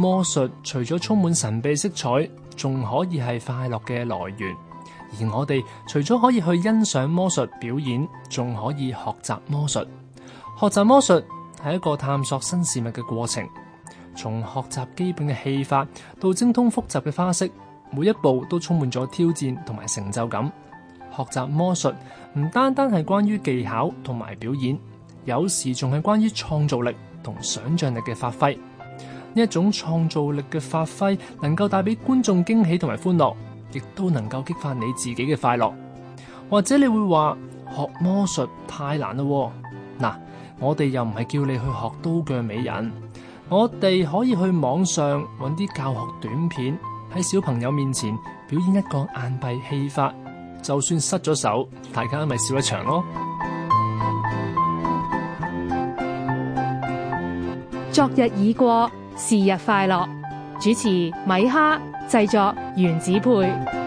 魔術除咗充滿神秘色彩，仲可以係快樂嘅來源。而我哋除咗可以去欣賞魔術表演，仲可以學習魔術。學習魔術係一個探索新事物嘅過程，從學習基本嘅戲法到精通複雜嘅花式，每一步都充滿咗挑戰同埋成就感。學習魔術唔單單係關於技巧同埋表演，有時仲係關於創造力同想象力嘅發揮。呢一種創造力嘅發揮，能夠帶俾觀眾驚喜同埋歡樂，亦都能夠激發你自己嘅快樂。或者你會話學魔術太難嘞喎、哦，嗱，我哋又唔係叫你去學刀鋸美人，我哋可以去網上揾啲教學短片，喺小朋友面前表演一個硬幣戲法，就算失咗手，大家咪笑一場咯。昨日已過。是日快樂，主持米哈，製作原子配。